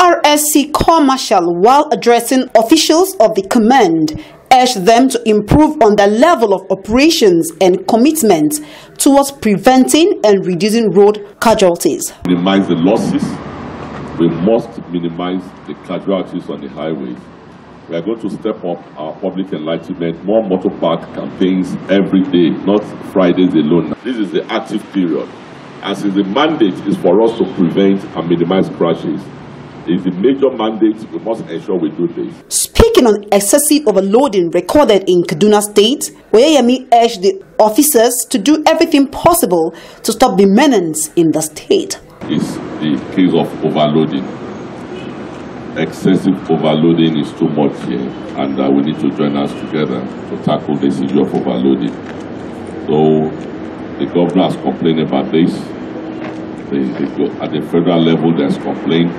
RSC Corps Marshal, while addressing officials of the command, urged them to improve on the level of operations and commitment towards preventing and reducing road casualties. Minimize the losses. We must minimize the casualties on the highways. We are going to step up our public enlightenment, more motor park campaigns every day, not Fridays alone. This is the active period. As is the mandate is for us to prevent and minimize crashes is the major mandate. We must ensure we do this. Speaking on excessive overloading recorded in Kaduna State, Oyeyemi urged the officers to do everything possible to stop the menace in the state. It's the case of overloading. Excessive overloading is too much here, and uh, we need to join us together to tackle this issue of overloading. So the governor has complained about this the, the, at the federal level that's complained.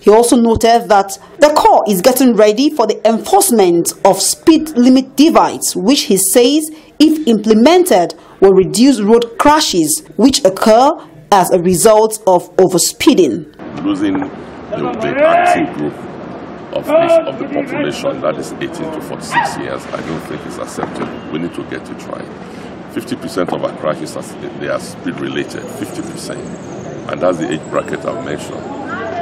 He also noted that the court is getting ready for the enforcement of speed limit divides, which he says, if implemented, will reduce road crashes which occur as a result of overspeeding. Losing the, the active group of, this, of the population that is 18 to 46 years, I don't think is acceptable. We need to get to try. 50% of our crashes, they are speed related, 50% and that's the age bracket I've mentioned.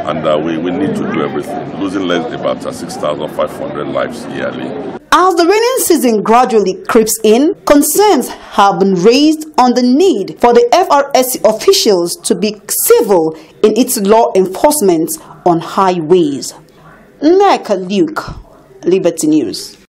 And uh, we, we need to do everything, losing less than about uh, 6,500 lives yearly. As the rainy season gradually creeps in, concerns have been raised on the need for the FRSC officials to be civil in its law enforcement on highways. Neka Luke, Liberty News.